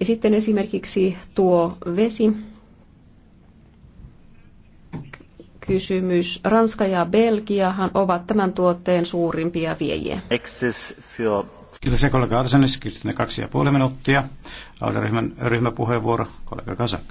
Ja sitten esimerkiksi tuo vesi kysymys. Ranska ja Belgiahan ovat tämän tuotteen suurimpia viejiä. Kiitos kollega Arsenis, kysytään kaksi ja puoli minuuttia. Alderyhmän ryhmäpuheenvuoro, kollega Kasak.